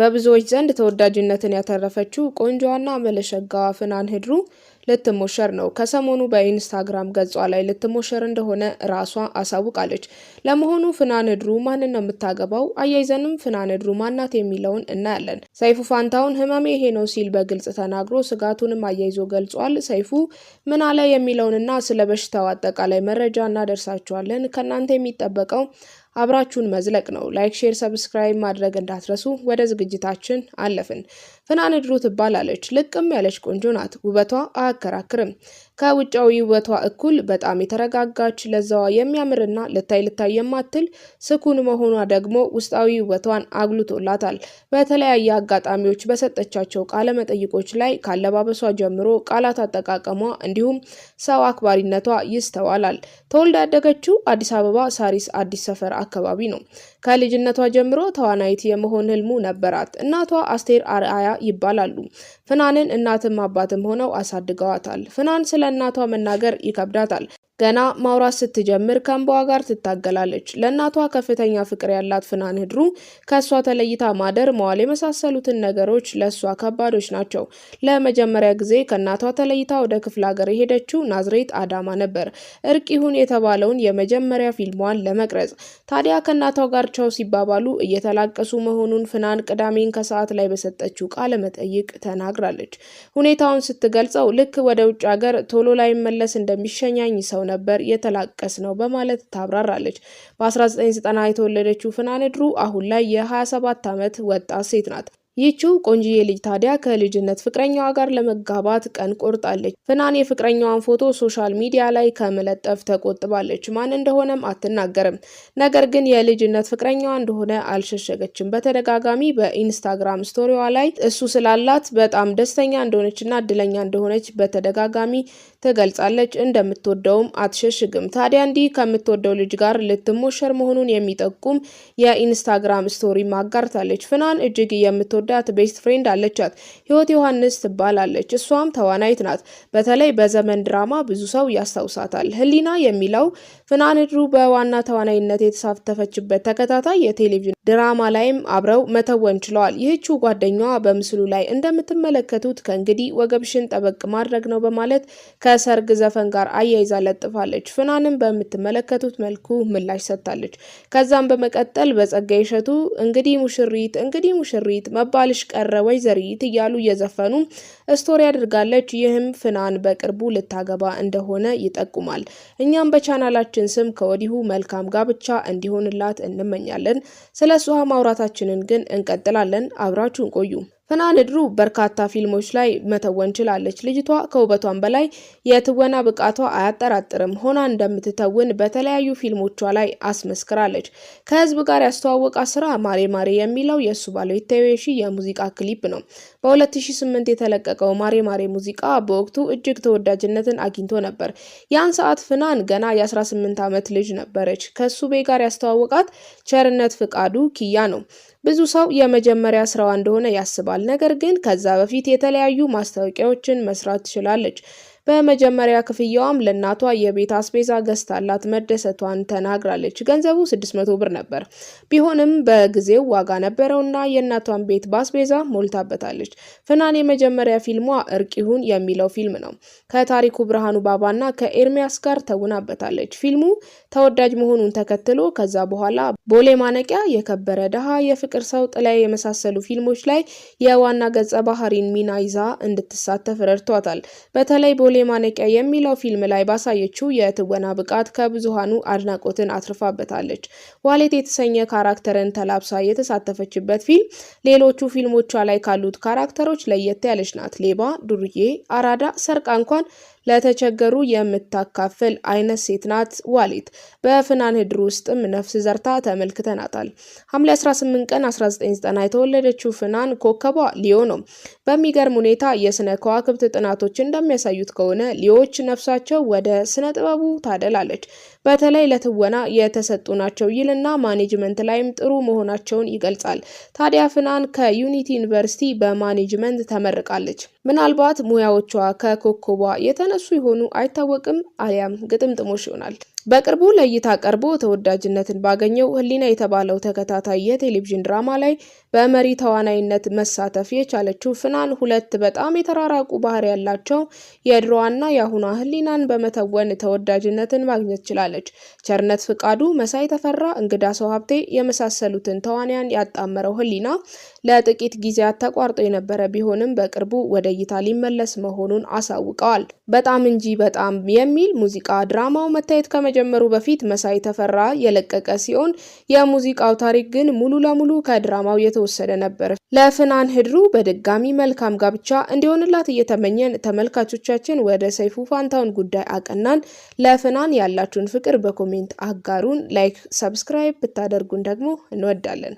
በብዙዎች ዘንድ ተወዳጅነትን ያተረፈችው ቆንጆዋና መለሸጋዋ ፍናን ህድሩ ልትሞሸር ነው። ከሰሞኑ በኢንስታግራም ገጿ ላይ ልትሞሸር እንደሆነ ራሷ አሳውቃለች። ለመሆኑ ፍናን ህድሩ ማንን ነው የምታገባው? አያይዘንም ፍናን ህድሩ ማናት የሚለውን እናያለን። ሰይፉ ፋንታውን ህመሜ ይሄ ነው ሲል በግልጽ ተናግሮ ስጋቱንም አያይዞ ገልጿል። ሰይፉ ምን አለ የሚለውንና ስለ በሽታው አጠቃላይ መረጃ እናደርሳቸዋለን ከእናንተ የሚጠበቀው አብራችሁን መዝለቅ ነው። ላይክ፣ ሼር፣ ሰብስክራይብ ማድረግ እንዳትረሱ። ወደ ዝግጅታችን አለፍን። ፍናን ፈናንድሩ ትባላለች። ልቅም ያለች ቆንጆ ናት። ውበቷ አያከራክርም። ከውጫዊ ውበቷ እኩል በጣም የተረጋጋች ለዛዋ የሚያምርና ልታይ ልታይ የማትል ስኩን መሆኗ ደግሞ ውስጣዊ ውበቷን አጉልቶላታል። በተለያየ አጋጣሚዎች በሰጠቻቸው ቃለ መጠይቆች ላይ ካለባበሷ ጀምሮ ቃላት አጠቃቀሟ እንዲሁም ሰው አክባሪነቷ ይስተዋላል። ተወልዳ ያደገችው አዲስ አበባ ሳሪስ አዲስ ሰፈር አካባቢ ነው። ከልጅነቷ ጀምሮ ተዋናይት የመሆን ህልሙ ነበራት። እናቷ አስቴር አርአያ ይባላሉ። ፍናንን እናትም አባትም ሆነው አሳድገዋታል። ፍናን ስለ እናቷ መናገር ይከብዳታል። ገና ማውራት ስትጀምር ከእንባዋ ጋር ትታገላለች። ለእናቷ ከፍተኛ ፍቅር ያላት ፍናን ህድሩ ከእሷ ተለይታ ማደር፣ መዋል የመሳሰሉትን ነገሮች ለእሷ ከባዶች ናቸው። ለመጀመሪያ ጊዜ ከእናቷ ተለይታ ወደ ክፍለ ሀገር የሄደችው ናዝሬት አዳማ ነበር እርቅ ይሁን የተባለውን የመጀመሪያ ፊልሟን ለመቅረጽ። ታዲያ ከእናቷ ጋር ቸው ሲባባሉ እየተላቀሱ መሆኑን ፍናን ቅዳሜን ከሰዓት ላይ በሰጠችው ቃለ መጠይቅ ተናግ ተናግራለች። ሁኔታውን ስትገልጸው ልክ ወደ ውጭ ሀገር ቶሎ ላይመለስ እንደሚሸኛኝ ሰው ነበር የተላቀስ ነው በማለት ታብራራለች። በ1990 የተወለደችው ፍናንድሩ አሁን ላይ የ27 ዓመት ወጣት ሴት ናት። ይህችው ቆንጂየ ልጅ ታዲያ ከልጅነት ፍቅረኛዋ ጋር ለመጋባት ቀን ቆርጣለች። ፍናን የፍቅረኛዋን ፎቶ ሶሻል ሚዲያ ላይ ከመለጠፍ ተቆጥባለች። ማን እንደሆነም አትናገርም። ነገር ግን የልጅነት ፍቅረኛዋ እንደሆነ አልሸሸገችም። በተደጋጋሚ በኢንስታግራም ስቶሪዋ ላይ እሱ ስላላት በጣም ደስተኛ እንደሆነችና እድለኛ እንደሆነች በተደጋጋሚ ትገልጻለች። እንደምትወደውም አትሸሽግም። ታዲያ እንዲህ ከምትወደው ልጅ ጋር ልትሞሸር መሆኑን የሚጠቁም የኢንስታግራም ስቶሪ ማጋርታለች። ፍናን እጅግ የምትወዳት ቤስት ፍሬንድ አለቻት። ህይወት ዮሐንስ ትባላለች። እሷም ተዋናይት ናት። በተለይ በዘመን ድራማ ብዙ ሰው ያስታውሳታል። ህሊና የሚለው ፍናን ድሩ በዋና ተዋናይነት የተሳተፈችበት ተከታታይ የቴሌቪዥን ድራማ ላይም አብረው መተወን ችለዋል። ይህች ጓደኛዋ በምስሉ ላይ እንደምትመለከቱት ከእንግዲህ ወገብሽን ጠበቅ ማድረግ ነው በማለት ከ ከሰርግ ዘፈን ጋር አያይዛ ለጥፋለች። ፍናንም በምትመለከቱት መልኩ ምላሽ ሰጥታለች። ከዛም በመቀጠል በጸጋ ይሸቱ እንግዲህ ሙሽሪት እንግዲህ ሙሽሪት መባልሽ ቀረ ወይዘሪት እያሉ እየዘፈኑ ስቶሪ አድርጋለች። ይህም ፍናን በቅርቡ ልታገባ እንደሆነ ይጠቁማል። እኛም በቻናላችን ስም ከወዲሁ መልካም ጋብቻ እንዲሆንላት እንመኛለን። ስለ እሷ ማውራታችንን ግን እንቀጥላለን። አብራችሁን ቆዩ። ፍናን ንድሩ በርካታ ፊልሞች ላይ መተወን ችላለች። ልጅቷ ከውበቷን በላይ የትወና ብቃቷ አያጠራጥርም። ሆና እንደምትተውን በተለያዩ ፊልሞቿ ላይ አስመስክራለች። ከህዝብ ጋር ያስተዋወቃ ስራ ማሬ ማሬ የሚለው የእሱ ባለው ይታየሽ የሙዚቃ ክሊፕ ነው። በ2008 የተለቀቀው ማሬ ማሬ ሙዚቃ በወቅቱ እጅግ ተወዳጅነትን አግኝቶ ነበር። ያን ሰዓት ፍናን ገና የ18 ዓመት ልጅ ነበረች። ቤ ጋር ያስተዋወቃት ቸርነት ፍቃዱ ኪያ ነው። ብዙ ሰው የመጀመሪያ ስራዋ እንደሆነ ያስባል። ነገር ግን ከዛ በፊት የተለያዩ ማስታወቂያዎችን መስራት ትችላለች። በመጀመሪያ ክፍያዋም ለእናቷ የቤት አስቤዛ ገዝታላት መደሰቷን ተናግራለች። ገንዘቡ 600 ብር ነበር። ቢሆንም በጊዜው ዋጋ ነበረውና የእናቷን ቤት በአስቤዛ ሞልታበታለች። ፍናን የመጀመሪያ ፊልሟ እርቅ ይሁን የሚለው ፊልም ነው። ከታሪኩ ብርሃኑ ባባና ከኤርሚያስ ጋር ተውናበታለች። ፊልሙ ተወዳጅ መሆኑን ተከትሎ ከዛ በኋላ ቦሌ ማነቂያ፣ የከበረ ድሃ፣ የፍቅር ሰው፣ ጥላዬ የመሳሰሉ ፊልሞች ላይ የዋና ገጸ ባህሪን ሚና ይዛ እንድትሳተፍ ረድቷታል። በተለይ ቦሌ ማነቂያ የሚለው ፊልም ላይ ባሳየችው የትወና ብቃት ከብዙሃኑ አድናቆትን አትርፋበታለች። ዋሌት የተሰኘ ካራክተርን ተላብሳ የተሳተፈችበት ፊልም ሌሎቹ ፊልሞቿ ላይ ካሉት ካራክተሮች ለየት ያለች ናት። ሌባ፣ ዱርዬ፣ አራዳ፣ ሰርቃ እንኳን ለተቸገሩ የምታካፍል አይነት ሴት ናት ዋሊት። በፍናን ህድር ውስጥም ነፍስ ዘርታ ተመልክተናታል። ሐምሌ 18 ቀን 1990 የተወለደችው ፍናን ኮከቧ ሊዮ ነው። በሚገርም ሁኔታ የስነ ከዋክብት ጥናቶች እንደሚያሳዩት ከሆነ ሊዮዎች ነፍሳቸው ወደ ስነ ጥበቡ ታደላለች። በተለይ ለትወና የተሰጡ ናቸው ይልና ማኔጅመንት ላይም ጥሩ መሆናቸውን ይገልጻል። ታዲያ ፍናን ከዩኒቲ ዩኒቨርሲቲ በማኔጅመንት ተመርቃለች። ምናልባት ሙያዎቿ ከኮከቧ የተነሱ ይሆኑ አይታወቅም፣ አሊያም ግጥምጥሞሽ ይሆናል። በቅርቡ ለእይታ ቀርቦ ተወዳጅነትን ባገኘው ህሊና የተባለው ተከታታይ የቴሌቪዥን ድራማ ላይ በመሪ ተዋናይነት መሳተፍ የቻለችው ፍናን ሁለት በጣም የተራራቁ ባህሪ ያላቸው የድሮዋና የአሁኗ ህሊናን በመተወን ተወዳጅነትን ማግኘት ችላለች። ቸርነት ፍቃዱ፣ መሳይ ተፈራ፣ እንግዳ ሰው ሀብቴ የመሳሰሉትን ተዋንያን ያጣመረው ህሊና ለጥቂት ጊዜያት ተቋርጦ የነበረ ቢሆንም በቅርቡ ወደ እይታ ሊመለስ መሆኑን አሳውቀዋል። በጣም እንጂ በጣም የሚል ሙዚቃ ድራማው መታየት ከመ ከመጀመሩ በፊት መሳይ ተፈራ የለቀቀ ሲሆን የሙዚቃው ታሪክ ግን ሙሉ ለሙሉ ከድራማው የተወሰደ ነበር። ለፍናን ህድሩ በድጋሚ መልካም ጋብቻ እንዲሆንላት እየተመኘን ተመልካቾቻችን ወደ ሰይፉ ፋንታውን ጉዳይ አቀናን። ለፍናን ያላችሁን ፍቅር በኮሜንት አጋሩን። ላይክ፣ ሰብስክራይብ ብታደርጉን ደግሞ እንወዳለን።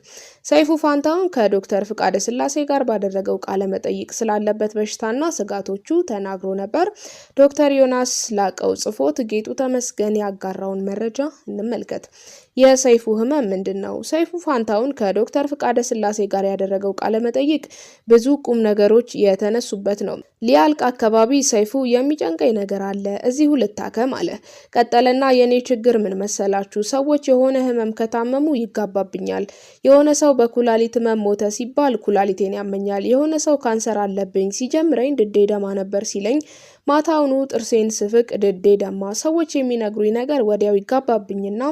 ሰይፉ ፋንታውን ከዶክተር ፍቃደ ስላሴ ጋር ባደረገው ቃለ መጠይቅ ስላለበት በሽታና ስጋቶቹ ተናግሮ ነበር። ዶክተር ዮናስ ላቀው ጽፎት ጌጡ ተመስገን ያጋ ያጋራውን መረጃ እንመልከት። የሰይፉ ህመም ምንድን ነው? ሰይፉ ፋንታውን ከዶክተር ፍቃደ ስላሴ ጋር ያደረገው ቃለ መጠይቅ ብዙ ቁም ነገሮች የተነሱበት ነው። ሊያልቅ አካባቢ ሰይፉ የሚጨንቀኝ ነገር አለ፣ እዚሁ ልታከም አለ። ቀጠለና የኔ ችግር ምን መሰላችሁ? ሰዎች የሆነ ህመም ከታመሙ ይጋባብኛል። የሆነ ሰው በኩላሊት ህመም ሞተ ሲባል ኩላሊቴን ያመኛል። የሆነ ሰው ካንሰር አለብኝ ሲጀምረኝ ድዴ ደማ ነበር ሲለኝ ማታውኑ ጥርሴን ስፍቅ ድዴ ደማ። ሰዎች የሚነግሩኝ ነገር ወዲያው ይጋባብኝና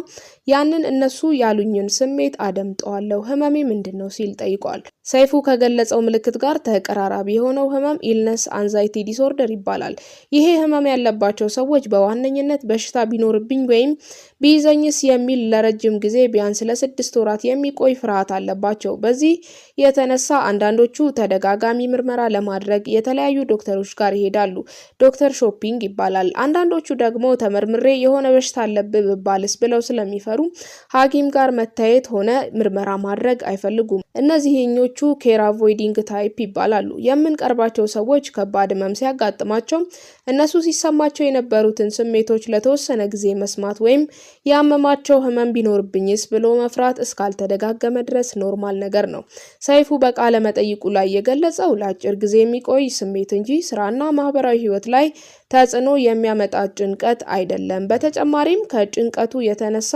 ያንን እነሱ ያሉኝን ስሜት አደምጠዋለሁ። ህመሜ ምንድን ነው ሲል ጠይቋል። ሰይፉ ከገለጸው ምልክት ጋር ተቀራራቢ የሆነው ህመም ኢልነስ አንዛይቲ ዲስኦርደር ይባላል። ይሄ ህመም ያለባቸው ሰዎች በዋነኝነት በሽታ ቢኖርብኝ ወይም ቢይዘኝስ የሚል ለረጅም ጊዜ ቢያንስ ለስድስት ወራት የሚቆይ ፍርሃት አለባቸው። በዚህ የተነሳ አንዳንዶቹ ተደጋጋሚ ምርመራ ለማድረግ የተለያዩ ዶክተሮች ጋር ይሄዳሉ። ዶክተር ሾፒንግ ይባላል። አንዳንዶቹ ደግሞ ተመርምሬ የሆነ በሽታ አለብህ ብባልስ ብለው ስለሚፈሩ ሐኪም ጋር መታየት ሆነ ምርመራ ማድረግ አይፈልጉም። እነዚህኞቹ ኬር አቮይዲንግ ታይፕ ይባላሉ። የምንቀርባቸው ሰዎች ከባድ ህመም ሲያጋጥማቸው እነሱ ሲሰማቸው የነበሩትን ስሜቶች ለተወሰነ ጊዜ መስማት ወይም ያመማቸው ህመም ቢኖርብኝስ ብሎ መፍራት እስካልተደጋገመ ድረስ ኖርማል ነገር ነው። ሰይፉ በቃለ መጠይቁ ላይ የገለጸው ለአጭር ጊዜ የሚቆይ ስሜት እንጂ ስራና ማህበራዊ ህይወት ላይ ተጽዕኖ የሚያመጣ ጭንቀት አይደለም። በተጨማሪም ከጭንቀቱ የተነሳ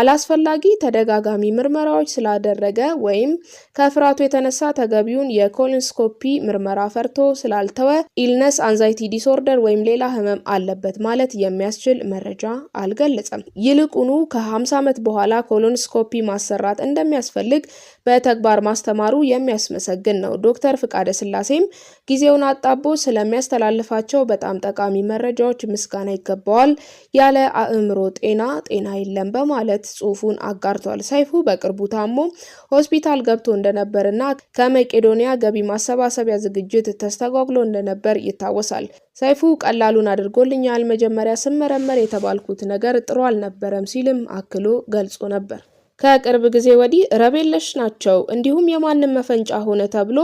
አላስፈላጊ ተደጋጋሚ ምርመራዎች ስላደረገ ወይም ከፍርሃቱ የተነሳ ተገቢውን የኮሎንስኮፒ ምርመራ ፈርቶ ስላልተወ ኢልነስ አንዛይቲ ዲስኦርደር ወይም ሌላ ህመም አለበት ማለት የሚያስችል መረጃ አልገለጸም። ይልቁኑ ከ50 ዓመት በኋላ ኮሎንስኮፒ ማሰራት እንደሚያስፈልግ በተግባር ማስተማሩ የሚያስመሰግን ነው። ዶክተር ፍቃደ ስላሴም ጊዜውን አጣቦ ስለሚያስተላልፋቸው በጣም ጠቃሚ መረጃዎች ምስጋና ይገባዋል። ያለ አእምሮ ጤና ጤና የለም በማለት በማለት ጽሁፉን አጋርቷል። ሰይፉ በቅርቡ ታሞ ሆስፒታል ገብቶ እንደነበርና ከመቄዶንያ ገቢ ማሰባሰቢያ ዝግጅት ተስተጓጉሎ እንደነበር ይታወሳል። ሰይፉ ቀላሉን አድርጎልኛል፣ መጀመሪያ ስመረመር የተባልኩት ነገር ጥሩ አልነበረም ሲልም አክሎ ገልጾ ነበር። ከቅርብ ጊዜ ወዲህ ረቤለሽ ናቸው እንዲሁም የማንም መፈንጫ ሆነ ተብሎ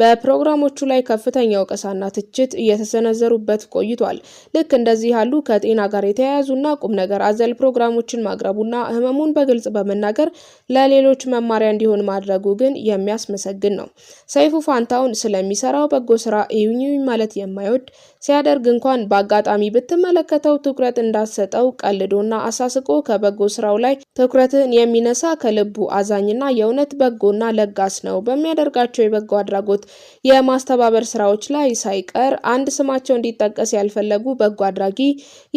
በፕሮግራሞቹ ላይ ከፍተኛ ወቀሳና ትችት እየተሰነዘሩበት ቆይቷል። ልክ እንደዚህ ያሉ ከጤና ጋር የተያያዙና ቁም ነገር አዘል ፕሮግራሞችን ማቅረቡና ህመሙን በግልጽ በመናገር ለሌሎች መማሪያ እንዲሆን ማድረጉ ግን የሚያስመሰግን ነው። ሰይፉ ፋንታውን ስለሚሰራው በጎ ስራ እዩኝ ማለት የማይወድ ሲያደርግ እንኳን በአጋጣሚ ብትመለከተው ትኩረት እንዳሰጠው ቀልዶና አሳስቆ ከበጎ ስራው ላይ ትኩረትን የሚነ ሲነሳ ከልቡ አዛኝና የእውነት በጎና ለጋስ ነው። በሚያደርጋቸው የበጎ አድራጎት የማስተባበር ስራዎች ላይ ሳይቀር አንድ ስማቸው እንዲጠቀስ ያልፈለጉ በጎ አድራጊ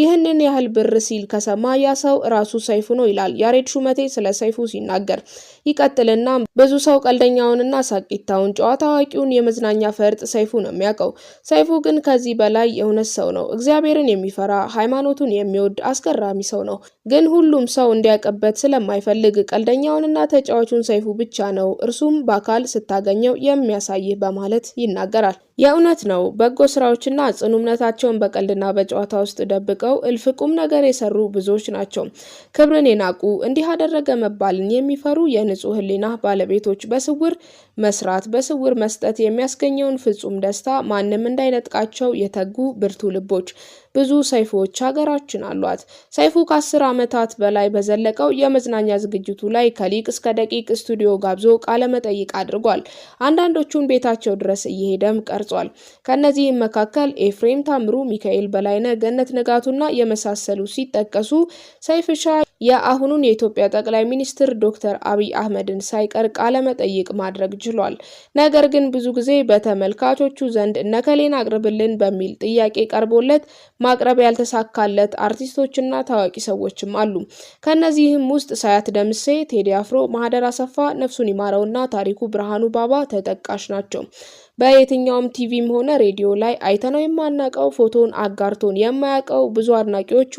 ይህንን ያህል ብር ሲል ከሰማ ያ ሰው ራሱ ሰይፉ ነው ይላል ያሬድ ሹመቴ ስለ ሰይፉ ሲናገር ይቀጥልና ብዙ ሰው ቀልደኛውንና ሳቂታውን ጨዋታ አዋቂውን የመዝናኛ ፈርጥ ሰይፉ ነው የሚያውቀው። ሰይፉ ግን ከዚህ በላይ የእውነት ሰው ነው። እግዚአብሔርን የሚፈራ ሃይማኖቱን የሚወድ አስገራሚ ሰው ነው። ግን ሁሉም ሰው እንዲያውቅበት ስለማይፈልግ ቀልደኛውንና ተጫዋቹን ሰይፉ ብቻ ነው እርሱም በአካል ስታገኘው የሚያሳይህ በማለት ይናገራል። የእውነት ነው። በጎ ስራዎችና ጽኑ እምነታቸውን በቀልድና በጨዋታ ውስጥ ደብቀው እልፍ ቁም ነገር የሰሩ ብዙዎች ናቸው። ክብርን የናቁ እንዲህ አደረገ መባልን የሚፈሩ የንጹህ ህሊና ባለቤቶች በስውር መስራት፣ በስውር መስጠት የሚያስገኘውን ፍጹም ደስታ ማንም እንዳይነጥቃቸው የተጉ ብርቱ ልቦች ብዙ ሰይፎች ሀገራችን አሏት። ሰይፉ ከአስር ዓመታት በላይ በዘለቀው የመዝናኛ ዝግጅቱ ላይ ከሊቅ እስከ ደቂቅ ስቱዲዮ ጋብዞ ቃለመጠይቅ አድርጓል። አንዳንዶቹን ቤታቸው ድረስ እየሄደም ቀር ተቀርጿል። ከእነዚህም መካከል ኤፍሬም ታምሩ፣ ሚካኤል በላይነ፣ ገነት ንጋቱና የመሳሰሉ ሲጠቀሱ ሰይፍሻ የአሁኑን የኢትዮጵያ ጠቅላይ ሚኒስትር ዶክተር አብይ አህመድን ሳይቀር ቃለ መጠይቅ ማድረግ ችሏል። ነገር ግን ብዙ ጊዜ በተመልካቾቹ ዘንድ እነከሌን አቅርብልን በሚል ጥያቄ ቀርቦለት ማቅረብ ያልተሳካለት አርቲስቶችና ታዋቂ ሰዎችም አሉ። ከእነዚህም ውስጥ ሳያት ደምሴ፣ ቴዲ አፍሮ፣ ማህደር አሰፋ፣ ነፍሱን ይማረውና ታሪኩ ብርሃኑ ባባ ተጠቃሽ ናቸው። በየትኛውም ቲቪም ሆነ ሬዲዮ ላይ አይተነው የማናቀው ፎቶን አጋርቶን የማያውቀው ብዙ አድናቂዎቹ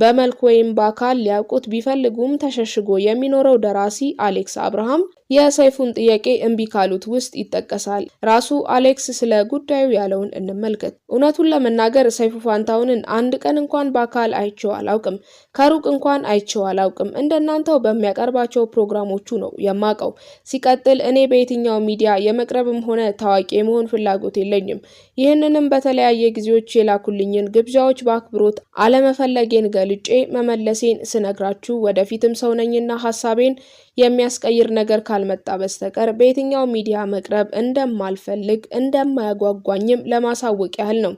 በመልክ ወይም በአካል ሊያ እንዲያውቁት ቢፈልጉም ተሸሽጎ የሚኖረው ደራሲ አሌክስ አብርሃም የሰይፉን ጥያቄ እምቢ ካሉት ውስጥ ይጠቀሳል። ራሱ አሌክስ ስለ ጉዳዩ ያለውን እንመልከት። እውነቱን ለመናገር ሰይፉ ፋንታውንን አንድ ቀን እንኳን በአካል አይቼው አላውቅም፣ ከሩቅ እንኳን አይቼው አላውቅም። እንደናንተው በሚያቀርባቸው ፕሮግራሞቹ ነው የማቀው። ሲቀጥል እኔ በየትኛው ሚዲያ የመቅረብም ሆነ ታዋቂ የመሆን ፍላጎት የለኝም። ይህንንም በተለያየ ጊዜዎች የላኩልኝን ግብዣዎች በአክብሮት አለመፈለጌን ገልጬ መመለሴን ስነግራችሁ ወደፊትም ሰውነኝና ሀሳቤን የሚያስቀይር ነገር ካልመጣ በስተቀር በየትኛው ሚዲያ መቅረብ እንደማልፈልግ እንደማያጓጓኝም ለማሳወቅ ያህል ነው።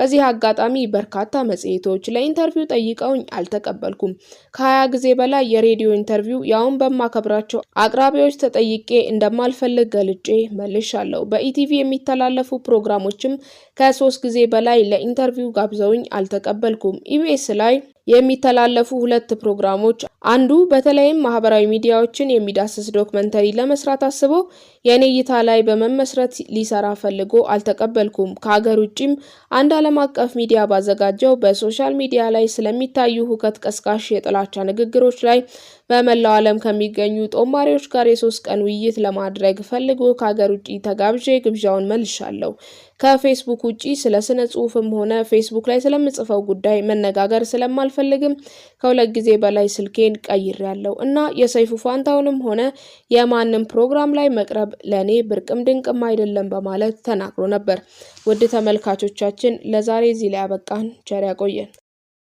በዚህ አጋጣሚ በርካታ መጽሔቶች ለኢንተርቪው ጠይቀውኝ አልተቀበልኩም። ከሀያ ጊዜ በላይ የሬዲዮ ኢንተርቪው ያውን በማከብራቸው አቅራቢዎች ተጠይቄ እንደማልፈልግ ገልጬ መልሻለሁ። በኢቲቪ የሚተላለፉ ፕሮግራሞችም ከሶስት ጊዜ በላይ ለኢንተርቪው ጋብዘውኝ አልተቀበልኩም። ኢቢኤስ ላይ የሚተላለፉ ሁለት ፕሮግራሞች አንዱ በተለይም ማህበራዊ ሚዲያዎችን የሚዳስስ ዶክመንተሪ ለመስራት አስቦ የኔ እይታ ላይ በመመስረት ሊሰራ ፈልጎ አልተቀበልኩም። ከሀገር ውጭም አንድ ዓለም አቀፍ ሚዲያ ባዘጋጀው በሶሻል ሚዲያ ላይ ስለሚታዩ ሁከት ቀስቃሽ የጥላቻ ንግግሮች ላይ በመላው ዓለም ከሚገኙ ጦማሪዎች ጋር የሶስት ቀን ውይይት ለማድረግ ፈልጎ ከሀገር ውጭ ተጋብዤ ግብዣውን መልሻለሁ። ከፌስቡክ ውጪ ስለ ስነ ጽሁፍም ሆነ ፌስቡክ ላይ ስለምጽፈው ጉዳይ መነጋገር ስለማልፈልግም ከሁለት ጊዜ በላይ ስልኬን ቀይሬያለሁ እና የሰይፉ ፋንታውንም ሆነ የማንም ፕሮግራም ላይ መቅረብ ለእኔ ብርቅም ድንቅም አይደለም በማለት ተናግሮ ነበር። ውድ ተመልካቾቻችን ለዛሬ እዚህ ላይ ያበቃን። ቸር ያቆየን።